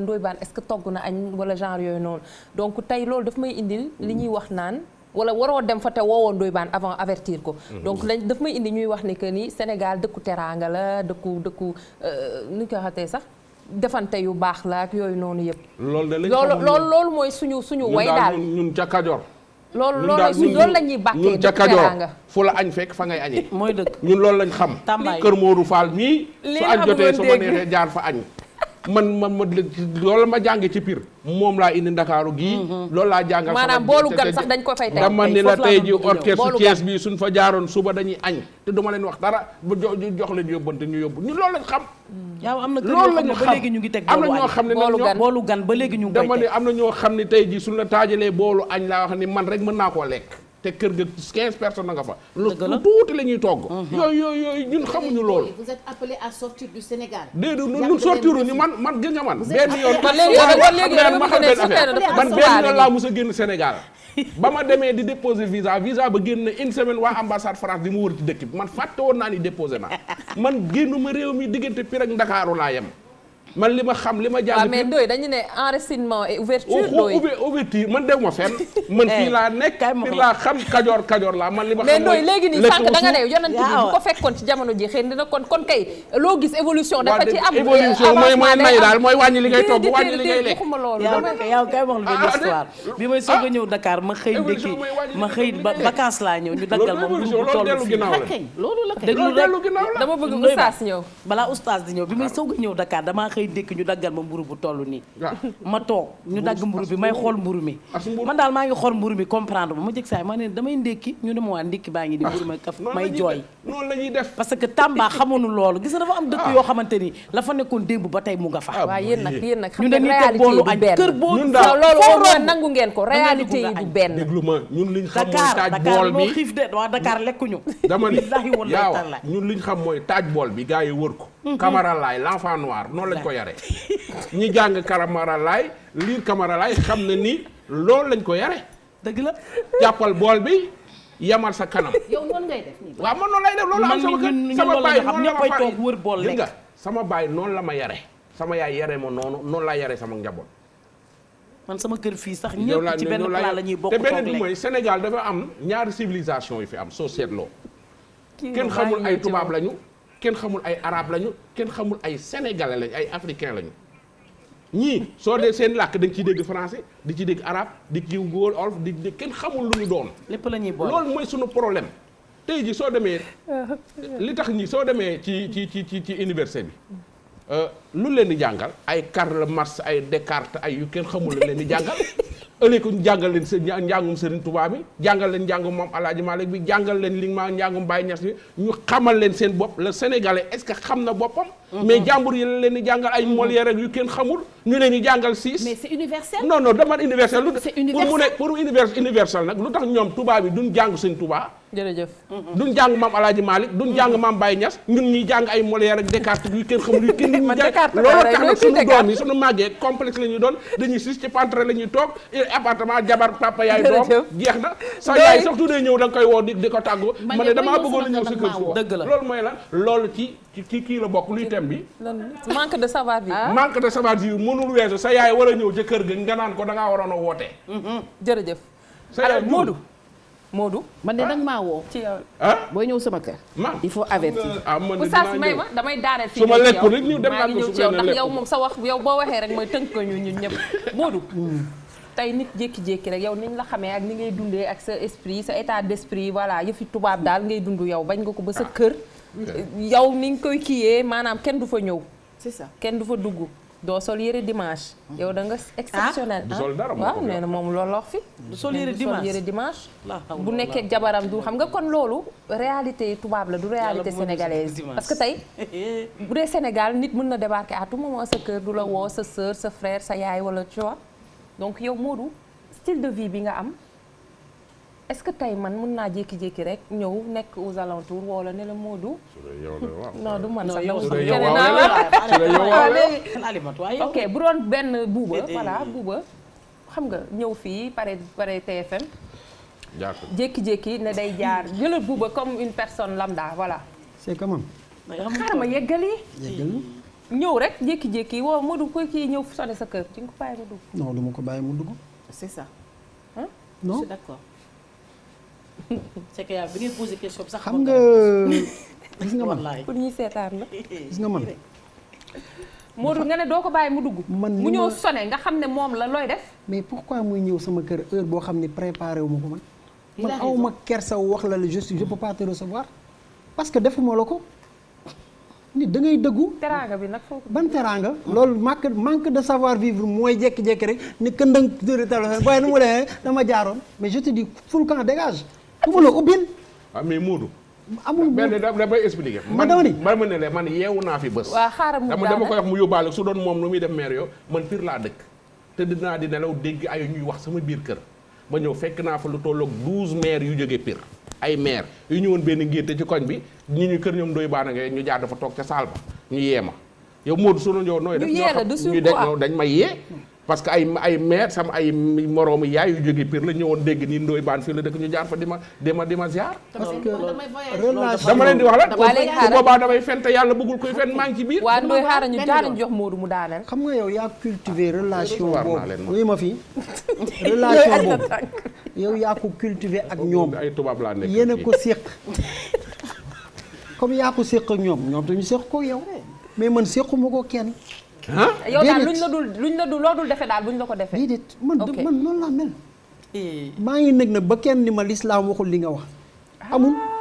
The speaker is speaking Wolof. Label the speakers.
Speaker 1: Ndoye Bane est que togg na añ wala genre yooyu noonu donc tey loolu daf may indil li ñuy wax naan wala waroo dem fa te woowoon Ndoye avant avertir ko mhm. donc lañ daf may indi ñuy wax ni que ni Sénégal dëkku teraanga la dëkku dëkku euh, nu ko waxatee sax defante yu baax la
Speaker 2: ak yooyu noonu yëpp loolu de loolu
Speaker 1: loolu mooy suñu suñu way daal
Speaker 2: ñun ca loolu
Speaker 1: loolu loolu la ñuy bàkkee ñun ca Kajoor
Speaker 2: fu la añ fekk fa ngay añee mooy dëkk ñun loolu lañ xam kër Modou Fall mii su añ jotee su ma neexee jaar fa añ man man ma loolu ma jànge ci pire moom laa indi ndakaaru gii mm-hmm. loolu laa jàngal maanaam boolu gan dañ ko fay tey dama ne la tey ji orchestre bi suñ fa jaaroon suba dañuy añ te duma leen wax dara ba jox leen yóbbante ñu yóbbu ñu loolu lañ xam mm. yaaw am na loolu lañ xam ba léegi ñu ngi teg am na ñoo xam ne boolu gan ba léegi ñu ngi dama ne am na ñoo xam ne tey ji suñ la taajalee boolu añ laa wax ni man rek mën naa koo lekk te kër ga 15 personne nga fa. dëgg la tuuti la ñuy togg. Uh-huh. yooyu yooyu ñun xamuñu loolu.
Speaker 1: vous êtes appelé à sortir du Sénégal. déedéet ñun sortiru ñu man
Speaker 2: man gën a man. benn yoon man léegi yow ma xam benn affaire man benn yoon laa mos a génn Sénégal. ba ma demee di déposer visa visa ba génn une semaine waa ambassade France di mu wër ci dëkk bi man fàtte woon naa ni déposé naa man génnuma réew mi diggante Pire ak Ndakaaru laa yem. man li ma xam li ma jàng mais
Speaker 1: ne enracinement et
Speaker 2: ma fenn eh, man fii laa nekk fii laa ma xam mais doy léegi nii sànq da nga ne
Speaker 1: yonent xëy na kon kon loo gis évolution dafa ci am évolution mooy mooy may daal a ñëw Dakar ma ma xëy vacances laa ñëw ñu daggal ma mburu bu toll fii loolu la kay déglu rek dama bëgg oustaz ñëw balaa oustaz di ñëw bi may soog a ñëw Dakar damaa xëy may dékk ñu daggal ma mburu bu toll nii ma toog ñu dagg mburu bi may xool mburu mi man daal maa ngi xool mburu mi comprendre ba ma jëg saay ma ne damay ndékki ñu ne ma waa ndékki baa ngi di mburu ma ah. kaf may jooy noonu la ñuy def parce que Tamba xamuñu loolu gis nga dafa am dëkk ah. yoo xamante ni la fa nekkoon démb ba tey mu nga fa ah, waaw yéen nag yéen nag xam nga réalité yi du benn kër boo loolu nangu ngeen ko réalité yi du benn déglu ma ñun
Speaker 2: liñ xam mooy taaj bool bi
Speaker 1: xiif de waa Dakar lekkuñu dama ni yaaw
Speaker 2: ñun liñ xam mooy taaj bool bi gaa yi wër ko Mhm. Camara Laye l'enfant noir noonu lañ ko yare ñi jàng Camara lii liir Camara xam na nii loolu lañ ko yare dëgg la jàppal bool bi yamal sa kanam. yow noonu lay def loolu sama kër noonu la ma bool lekk sama baay noonu la ma yare sama yaay yare ma noonu noonu laa yare sama njaboot. man sama kër fii sax ñëpp ci benn plat la ñuy bokk toog bi mooy Sénégal dafa am ñaari civilisation yu fi am soo seetloo. kenn xamul ay tubaab lañu. kenn xamul ay arabe lañu kenn xamul ay sénégalais lañu ay africain lañu ñii soo dee seen làkk dañ ciy dégg français di ci dégg araab di ci góor olof di kenn xamul lu ñu doon. lépp la ñuy boole loolu mooy suñu problème. tey ji soo demee
Speaker 1: li tax ñi
Speaker 2: soo demee ci ci ci ci ci université bi euh, lu leen di jàngal ay Karl Marx ay Descartes ay kenn xamul la leen di jàngal. ëllëg ku jàngal leen seen njàngum Serigne Touba bi jàngal leen njàngum moom El Hadj Malick bi jàngal leen li ma njàngum Baye Niass bi ñu xamal leen seen bopp la sénégalais est-ce que xam na boppam. Mm-hmm. mais jàmbur yi leen di jàngal ay mm-hmm. Molière ak yu kenn xamul. ñu leen di jàngal siis mais c'est universel. non non dama universel. c'est universel pour mu ne pour univers universel nag lu tax ñoom Touba bi duñ jàng Serigne Touba. jërëjëf duñ jàng maam alaaji Malick duñ jàng maam Baye Niass ñun ñuy jàng ay Molière ak Descartes yu kenn xamul yu kenn ñu jàng loolu tax nag suñu doom yi suñu màggee complexe eh, na sa yaay surtout ñëw da nga koy woo di di ko tàggu ma ne damaa bëggoon a ñëw si kër si dëgg ci kii bokk luy bi
Speaker 1: manque de savoir vivre ah. manque
Speaker 2: de sa yaay war a ñëw ca kër ga nga naan ko da ngaa waroon a wootee jërëjëf sa yaay Moodu
Speaker 1: moo du man ne ah, nag maa woo. ci yow
Speaker 2: ah ñëw sama kër. il faut avertir. ah
Speaker 1: man de dinaa may ma damay daaneel fii. su ma lekkul ñu dem naa ko su yow moom sa wax yow boo waxee rek mooy tënk ko ñun ñun moo du mm. tey nit jékki-jékki rek yow niñ la xamee ak ni ngay dundee ak sa esprit sa état d'esprit voilà yëfi tubaab daal ngay dund yow bañ nga ko ba sa ah. kër. yow ni nga koy kiiyee maanaam kenn du fa ñëw. c'est ça kenn du fa dugg. doo sol yëre dimanche. yow da nga ah? ah? waaw nee moom lool la wax fi. du sol yëre dimanche bu nekkee jabaram du xam nga kon loolu réalité tubaab la du réalité sénégalaise. parce que tey bu dee Sénégal nit mun na débarquer à tout moment sa kër du la woo sa sœur sa frère sa yaay wala tu vois donc yow Modou style de vie bi nga am. est-ce que tey man mun naa jékki-jékki rek ñëw nekk aux alentours woo la ne la Modou.
Speaker 2: non du man sax
Speaker 1: bu doon benn buuba voilà ñëw fii pare pare ne day jaar jëlal buuba comme une personne lambda voilà. c'est quand même. ma yeggali. ñëw rek jékki sa kër ko mu dugg. ma ko bàyyi mu dugg. c'est ça. non c'est que yaa bi sax. xam nga gis nga man pour ñuy seetaan la. gis nga man. Modou nga ne doo ko bàyyi mu dugg. man mu ñëw sone nga xam ne moom la looy def. mais pourquoi muy ñëw sama kër heure boo xam ne préparé wu ma ko man. man aw ma wax la la je suis je peux recevoir. parce que defuma la ko. nit da ngay dëggu. teraanga bi nag foo ban teraanga. loolu manque manque de savoir vivre mooy jékki-jékki rek ni këndëng waaye nu mu leen dama jaaroon mais je te dis ful
Speaker 2: camp dafa la ubbil. waaw ah, mais Moodu. amul benn damay expliquer. man man ma ne la man yeewu naa fi bës. waaw xaaral mu dama ko wax mu yóbbaale su doon moom lu muy def maire yo man Pire laa dëkk. te dinaa di nelaw dégg ay ñuy wax sama biir kër ba ñëw fekk naa fa lu tolloog douze maires yu jógee Pire. ay maire yu ñëwoon benn ngénte ci koñ bi ñi ñu kër ñoom doy baana nga ñu jaar dafa toog ca saal ba ñu yee ma yow Moodu su doon yow nooy def. ñu yee la du dañ ma yee parce que ay ay maire sama ay moroomu yaay yu jóge Pire la ñëwoon dégg ni Ndoye Bane fii la dëkk ñu jaar fa di ma di ma di ma leen di wax la. su boobaa yàlla bëggul koy fen maa ngi ci biir. waaw yow
Speaker 1: yaa cultiver ah, relation boobu ak ay tubaab laa nekk yéen a ko séq comme mais man séquma ko kenn déedéet yow daal luñ la dul luñ la du loo dul defee daal bu ñu la ko defee. déedéet man man noonu laa mel. Eh. maa ngi nekk na ba kenn ni ma lislaam waxul li nga wax amul. Ah.